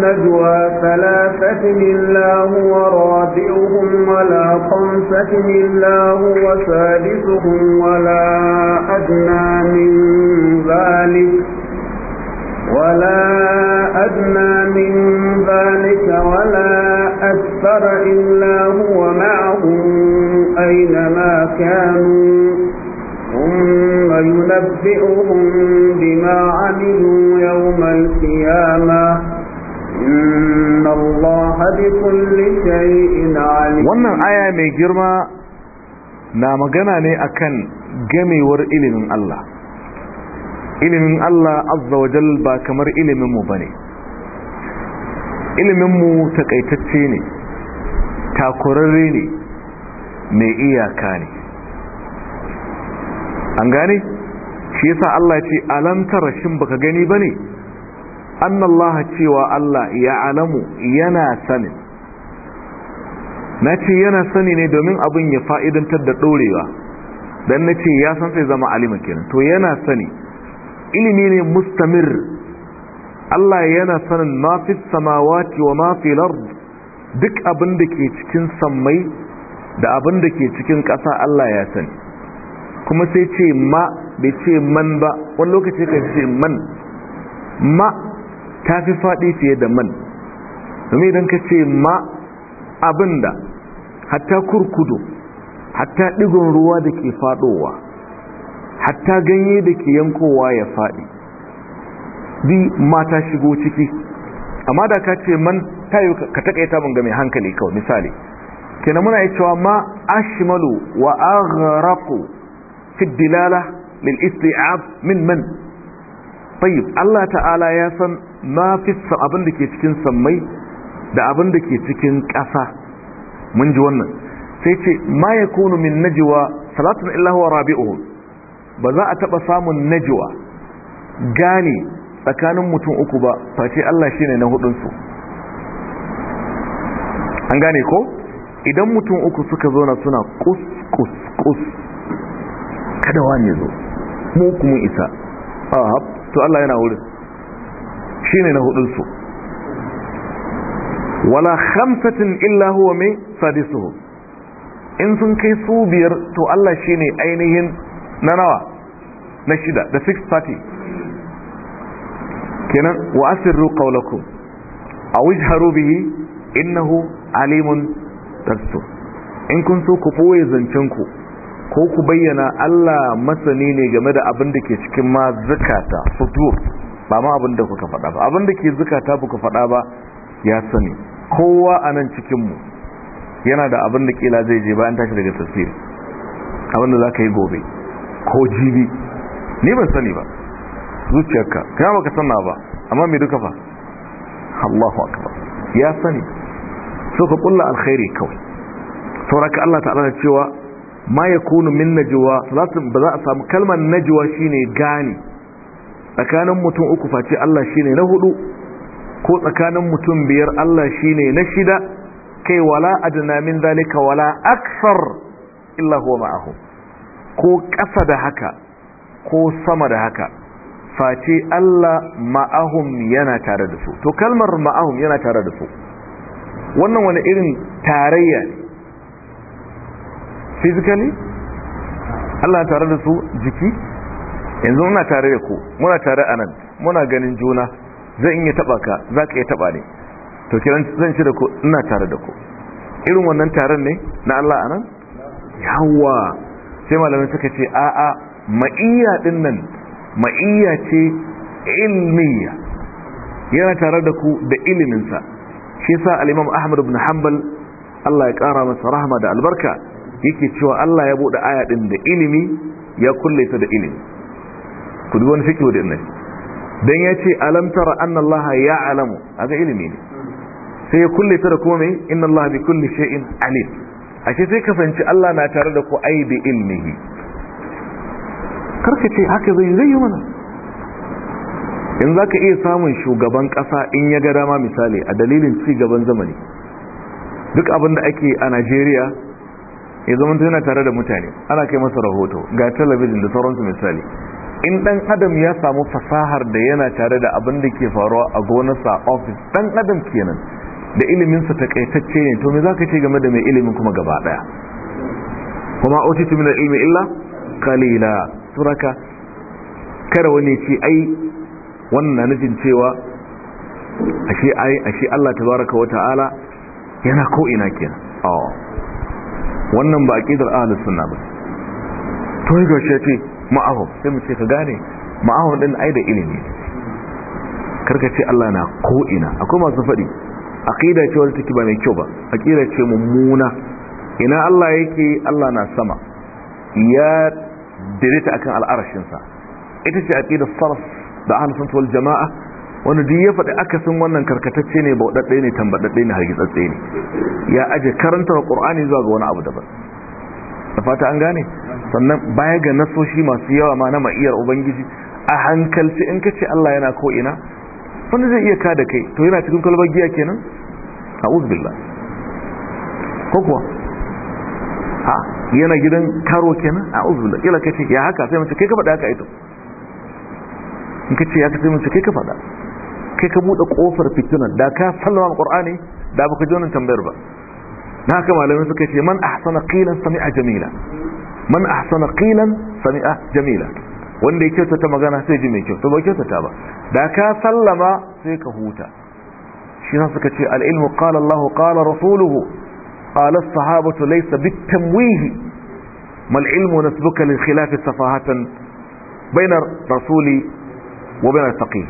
نجوى ثلاثة إلا هو رابعهم ولا خمسة إلا هو سادسهم ولا أدنى من ذلك ولا أدنى من ذلك ولا أكثر إلا هو معهم أينما كانوا ثم ينبئهم بما عملوا يوم القيامة إن الله بكل شيء عليم wannan aya mai girma na magana ne akan gamewar ilimin Allah ilimin Allah azza wa jal ba kamar iliminmu mu bane iliminmu takaitacce ne takurarre ne mai iyaka ne an gane shi yasa Allah ce alam tara shin baka gani bane annallaha cewa Allah ya alamu yana sanin nace yana sani ne domin abin ya fa'idantar da dorewa dan nace ya san sai zama alima kenan to yana sani ilimi ne mustamir Allah yana sanin ma fi samawati wa ma fi duk abin da ke cikin sammai da abin da ke cikin ƙasa Allah ya sani kuma sai ce ma bai ce man ba wani lokaci kan ce man ma ta fi faɗi fiye da man domin idan ka ce ma abin da hatta kurkudu hatta ɗigon ruwa da ke faɗowa hatta ganye da ke yankowa ya faɗi bi mata shigo ciki amma da ka ce man tayo ka takaita mun ga mai hankali kawai misali kenan muna cewa ma ashmalu wa aghraqu fi dilala lil isti'ab min man tayyib Allah ta'ala ya san ma fi abin da ke cikin sammai da abin da ke cikin ƙasa mun ji wannan sai ce ma yakunu min najwa salatun illa huwa rabi'uhum ba za a taba samun najwa gane tsakanin mutum uku ba face Allah shi ne na hudunsu an gane ko idan mutum uku suka zona suna kus kus kus kada wani zo mu kuma isa aha to Allah yana wurin shi ne na hudunsu wala khamsatin illa huwa mai sadisuhum in sun kai su biyar to Allah shi ne ainihin na nawa na shida da six party kenan wa asirru qawlakum aw ijharu bihi innahu alimun basir in kun so ku boye zancen ku ko ku bayyana Allah masani ne game da abin da ke cikin ma zakata futur ba ma abin da kuka faɗa ba abin da ke zakata kuka faɗa ba ya sani kowa a nan cikin mu yana da abin da kila zai je bayan tashi daga tafsiri abin da za ka yi gobe ko jibi ni ban sani ba zuciyarka ka, baka sanna ba amma me duka fa Allahu akbar ya sani so ka kulla alkhairi kawai sauraka Allah ta'ala da cewa ma min najuwa ba za a samu kalmar najuwa shine gani tsakanin mutum uku face Allah shine na hudu ko tsakanin mutum biyar Allah shine na shida kai wala adna min zalika wala akthar illa huwa ma'ahum ko ƙasa da haka ko sama da haka face Allah ma'ahum yana tare da su to kalmar ma'ahum yana tare da su wannan wani irin tarayya physically Allah tare da su jiki yanzu muna tare da ku muna tare anan muna ganin juna zan iya taba ka za ka iya taba ne to kiran zan ci da ku ina tare da ku irin wannan taron ne na Allah anan yawa sai malamai suka ce a'a ma'iyya din nan ma'iyya ce ilmiya yana tare da ku da iliminsa shi sa al-imam ahmad ibn hanbal Allah ya kara masa rahma da albarka yake cewa Allah ya bude aya din da ilimi ya kulle ta da ilimi ku dubi wani fikihu din nan dan yace alam tara anna Allah ya A aga ilimi ne sai ya kulle ta da kuma me inna Allah bi kulli shay'in alim ashe sai kasance Allah na tare da ku ai bi ilmihi karka ce haka zai zai yi mana in za ka iya samun shugaban ƙasa in ya ga dama misali a dalilin ci gaban zamani duk abin da ake a najeriya ya zama yana tare da mutane ana kai masa rahoto ga talabijin da sauransu misali in dan adam ya samu fasahar da yana tare da abin da ke faruwa a gonarsa ofis dan adam kenan da iliminsa takaitacce ne to me za ka ce game da mai ilimin kuma gaba daya kuma otitu min ilmi illa kalila suraka kada wani ce ai wannan na nufin cewa ashe ai ashe Allah Ta baraka wa ta'ala yana ko ina kenan oh wannan ba a ƙidar ahalar suna ba to yi gaushe ce ma'ahu sai mu ce ka gane ma'ahu ɗin ai da ilimi karka ce Allah na ko ina akwai masu faɗi aqida ce wanda take ba mai kyau ba aqida ce mummuna ina Allah yake Allah na sama ya ta akan al'arashinsa ita ce aqidar salaf da ahlus sunna wal jamaa Wani duk ya faɗi akasin wannan karkatacce ne bauɗaɗɗe ne tambaɗaɗɗe ne hargitsatse ne ya aje karantar qur'ani zuwa ga wani abu daban da fata an gane sannan baya ga nasoshi masu yawa ma na ma'iyar ubangiji a hankalci in ce Allah yana ko ina wanda zai iya kada kai to yana cikin kwalbar giya kenan a'udhu billah ko kuwa ha yana gidan karo kenan a uzula kila ka ce ya haka sai mace kai ka faɗa haka ita in ka ce ya ka sai mace kai ka faɗa kai ka buɗe ƙofar fitinan da ka sallama alƙur'ani da baka ji wannan tambayar ba na haka malamai suka ce man ahsana qilan sami'a jamila man ahsana qilan sami'a jamila wanda ya kyautata magana sai ji mai kyau to ba kyautata ba da ka sallama sai ka huta shi na suka ce al-ilmu qala Allahu qala rasuluhu قال الصحابة ليس بالتمويه ما العلم نسبك للخلاف سفاهة بين الرسول وبين التقي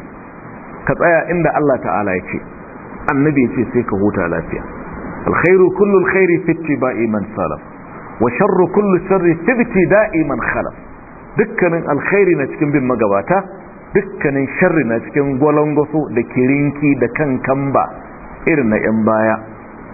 كتايا عند الله تعالى يتي النبي يتي سيك هوتا لافيا الخير كل الخير في اتباع من سلف وشر كل شر في ابتداء من خلف dukkanin alkhairi na cikin bin magabata dukkanin sharri na cikin gwalangwaso da kirinki da kan kamba irin na 'yan baya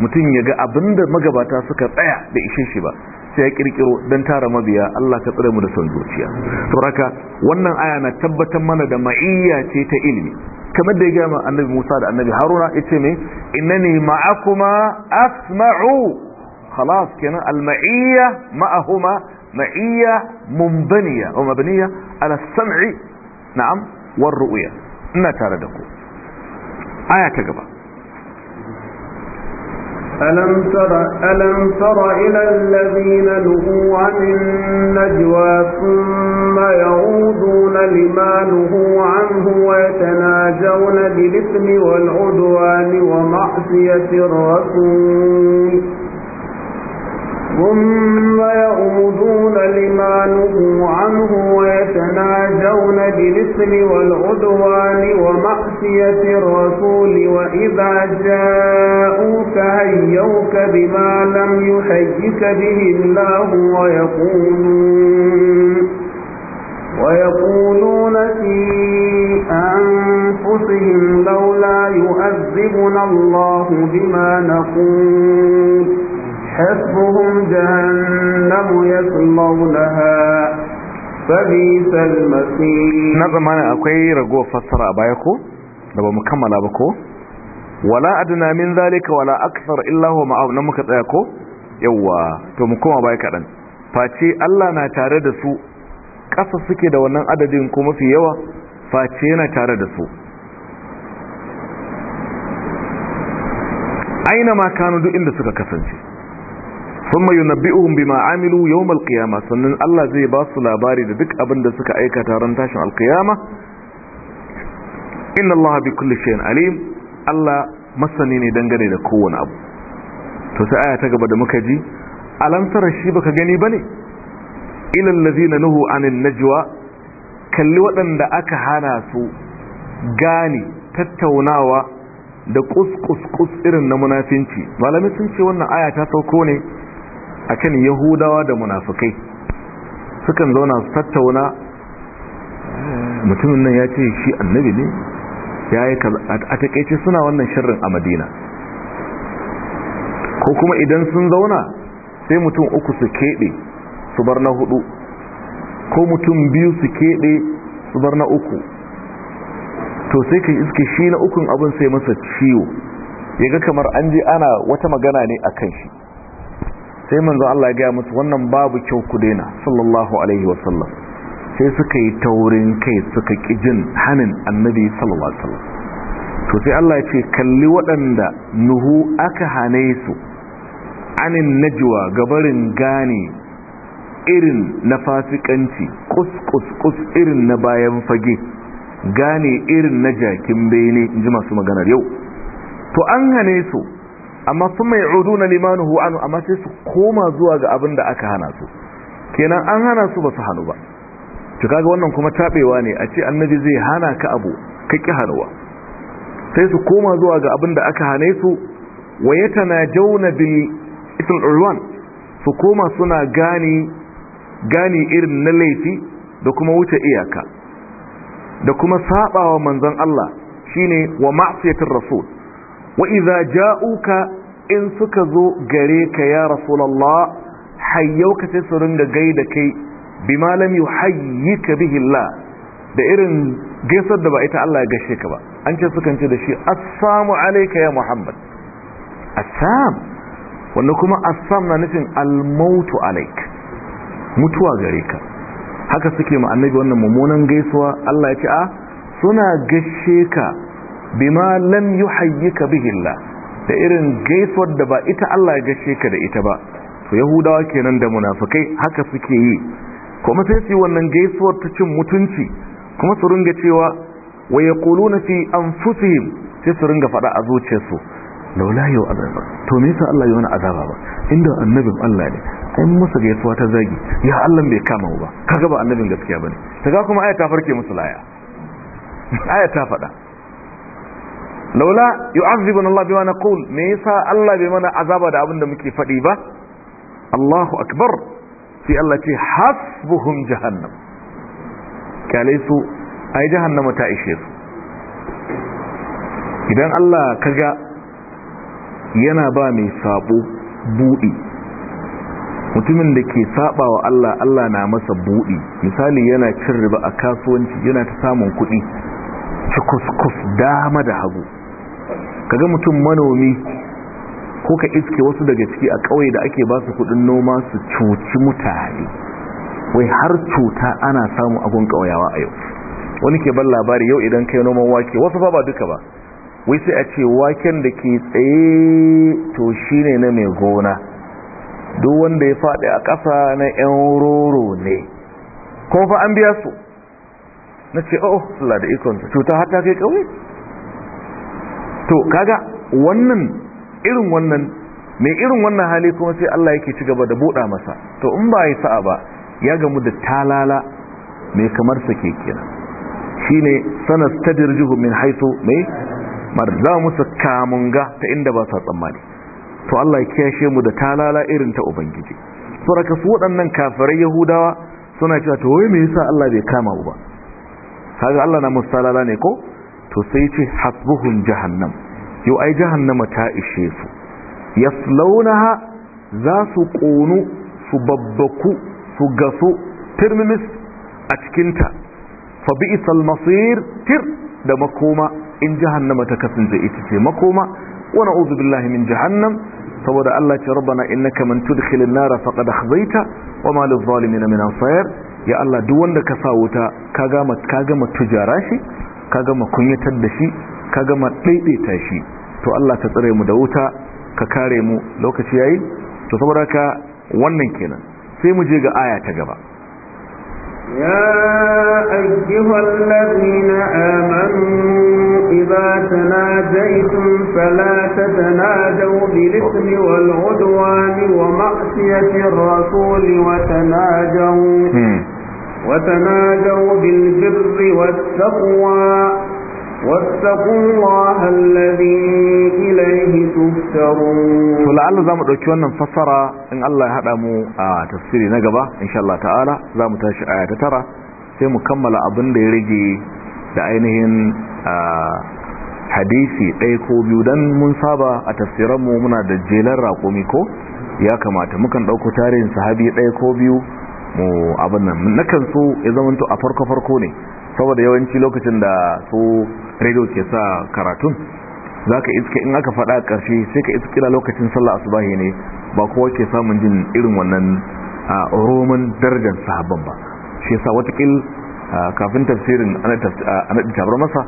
mutum ya ga abinda magabata suka tsaya da ishe shi ba sai ya kirkiro don tara mabiya Allah ka tsare mu da son zuciya sauraka wannan aya na tabbatar mana da ma'iyya ce ta ilimi kamar da ya gaya ma annabi Musa da annabi Haruna yace me innani ma'akuma asma'u خلاص كنا المعية معهما معية منبنية Na'am, مبنية Ina tare da ku. Aya ta gaba. ألم تر, ألم تر إلى الذين نهوا عن النجوى ثم يعودون لما نهوا عنه ويتناجون بالإثم والعدوان ومعصية الرسول ثم يغمدون لما نهوا عنه ويتناجون بالإثم والعدوان ومعصية الرسول وإذا جاءوك هيوك بما لم يحيك به الله ويقولون ويقولون في أنفسهم لولا يؤذبنا الله بما نقول حسبهم جهنم يصلونها فبئس المصير نظم انا akwai rago fassara a baya ko da bamu kammala ba ko wala adna min zalika wala akthar illa huwa ma'a nan muka tsaya ko yawa to mu koma baya kaɗan, face Allah na tare da su ƙasa suke da wannan adadin ko mafi yawa face yana tare da su aina ma kanu duk inda suka kasance thumma yunabbi'uhum bima amilu yawm al sannan Allah zai ba su labari da duk abin da suka aikata ran tashin alkiyama. inna Allah bi kulli shay'in alim Allah masani ne dangane da kowane abu to sai aya ta gaba da muka ji alam tara shi baka gani bane ila allazina nuhu anin najwa kalli waɗanda aka hana su gane tattaunawa da kuskus kus irin na munafinci malamai sun ce wannan aya ta sauko ne akan yahudawa da munafikai sukan zauna su tattauna mutumin nan ya ce shi annabi ne ya yi a takaice suna wannan shirin a madina ko kuma idan sun zauna sai mutum uku su keɓe su bar na hudu ko mutum biyu su keɓe su bar na uku to sai ka iske shi na ukun abin sai masa ciwo ya ga kamar an ji ana wata magana ne a kan shi sai manzo Allah ya gaya musu wannan babu kyau ku daina sallallahu alaihi wasallam sai suka yi taurin kai suka jin hanin annabi sallallahu alaihi wasallam to sai Allah ya ce kalli waɗanda nuhu aka hane su anin najwa gabarin gane irin na fasikanci kuskus kus irin na bayan fage gane irin na jakin bene in ji masu maganar yau to an hane su amma sun mai na limanuhu hu'anu amma sai su koma zuwa ga abin da aka hana su kenan an hana su ba su hannu ba cika ga wannan kuma taɓewa ne a ce annabi zai hana ka abu ka ki hanuwa sai su koma zuwa ga abin da aka hane su wa jauna bil ismul urwan su koma suna gani gani irin na laifi da kuma wuce iyaka da kuma sabawa manzon Allah shine wa ma'siyatir rasul wa idza ja'uka in suka zo gare ka ya rasulallah hayyau ka sai su ringa gaida kai bi malam yu hayyi ka bihi Allah da irin gaisar da ba ita Allah ya gashe ka ba an ce sukan ce da shi assalamu alayka ya muhammad assam wannan kuma assam na nufin almautu alayk mutuwa gare ka haka suke ma annabi wannan mummunan gaisuwa Allah ya ce a ah, suna gaishe ka bima lam yuhayyika bihi Allah da irin gaisuwar da ba ita Allah ya gaishe ka da ita ba to yahudawa kenan da munafikai haka suke yi kuma sai su wannan gaisuwar ta cin mutunci kuma su ringa cewa wa yaquluna fi anfusihim sai su ringa fada a zuciyarsu laula yau azaba to me yasa Allah ya wani azaba ba inda annabin Allah ne an masa gaisuwa ta zagi ya Allah bai kama mu ba kaga ba annabin gaskiya bane kaga kuma aya ta farke musu laya aya ta faɗa laula yu'azzibuna Allah bima naqul me yasa Allah bai mana azaba da abin da muke faɗi ba Allahu akbar sai Allah ce hasbuhum jahannam kale su ai jahannama ta ishe su idan Allah kaga yana ba mai sabo budi mutumin da ke saba wa Allah Allah na masa budi misali yana cin riba a kasuwanci yana ta samun kuɗi cikus dama da hagu kaga mutum manomi ko ka iske wasu daga ciki a ƙauye da ake ba su kudin noma su cuci mutane wai har cuta ana samu abun ƙauyawa a yau wani ke ban labari yau idan kai noman wake wasu ba ba duka ba wai sai a ce waken da ke tsaye to shine na mai gona duk wanda ya faɗi a ƙasa na 'yan roro ne ko fa an biya su na ce oh Allah da ikonsa cuta har ta kai ƙauye to kaga wannan irin wannan mai irin wannan hali kuma sai Allah yake ci gaba da buɗa masa to in ba ya sa'a ba ya gamu da talala mai kamar sa ke kira shine sanas tadirjuhu min haitu mai mar za kamunga ta inda ba sa tsammani to Allah ya kiyashe mu da talala irin ta ubangiji saboda su waɗannan kafirai yahudawa suna cewa to wai me yasa Allah bai kama mu ba kaga Allah na musalala ne ko to sai ce hasbuhun jahannam yau ai jahannama ta ishe su yaslaunaha za su ƙonu su babbaku su gaso terminus a cikinta fa bi'sal masir tir da makoma in jahannama ta kasance ita ce makoma Wani uzubillahi min jahannam saboda Allah ce rabbana innaka man tudkhilin nar faqad akhzaita wa ma lil min ansar ya Allah duk wanda ka sa wuta ka gama ka gama tujara shi ka gama kunyatar da shi ka gama ɗaiɗaita shi to Allah ka tsare mu da wuta ka kare mu lokaci yayi to saboda ka wannan kenan sai mu je ga aya ta gaba يا أيها الذين آمنوا إذا تناجيتم فلا تتناجوا بالإثم والعدوان ومعصية الرسول وتناجوا وتنادوا بالبر والتقوى واتقوا الله الذي إليه تفترون فلعل زامو دوكي wannan fassara in Allah ya haɗa mu a tafsiri na gaba insha Allah ta'ala zamu tashi aya ta tara sai mu kammala abin da ya rage da ainihin hadisi ɗaya ko biyu dan mun saba a mu muna da jelar raƙumi ko ya kamata mukan ɗauko tarihin sahabi ɗaya ko biyu mu abin nan nakan so ya zamanto a farko farko ne saboda yawanci lokacin da su radio ke sa karatun zaka iska in aka faɗa ƙarshe sai ka iska kira lokacin sallah asubahi ne ba kowa ke samun jin irin wannan roman darajar sahabban ba shi yasa watakil kafin tafsirin ana tabar masa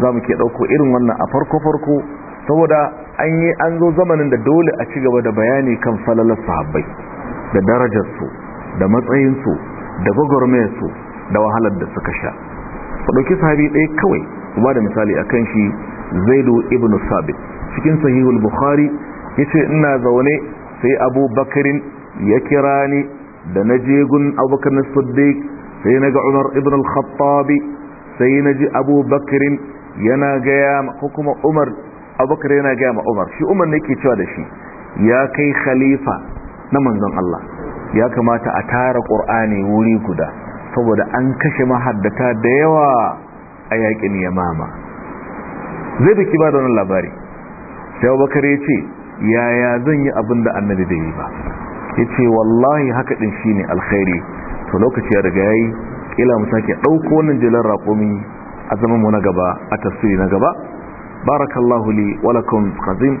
za mu ke ɗauko irin wannan a farko-farko saboda an yi an zo zamanin da dole a ci gaba da bayani kan falalar sahabbai da darajar su. da matsayinsu da gwagwarmayarsu da wahalar da suka sha ku ɗauki sahabi ɗaya kawai ba da misali a kan shi zaidu ibn sabit cikin sahihul bukhari ya ce ina zaune sai abu bakarin ya kira ni da na je gun abokan siddiq sai na ga umar ibn al-khattabi sai na ji abu bakarin yana gaya ko kuma umar abubakar yana gaya ma umar shi umar ne ke cewa da shi ya kai khalifa na manzon Allah ya kamata a tara ƙur'ani wuri guda saboda an kashe mahaddata da yawa a yaƙin yamama zai da kiba da wani labari sai abubakar ya ce yaya zan yi abin da annabi da yi ba ya ce wallahi haka ɗin shi ne alkhairi to lokaci ya riga ya yi ƙila mu sake ɗauko wannan jelar raƙumi a zaman mu na gaba a tafsiri na gaba barakallahu li walakum kazim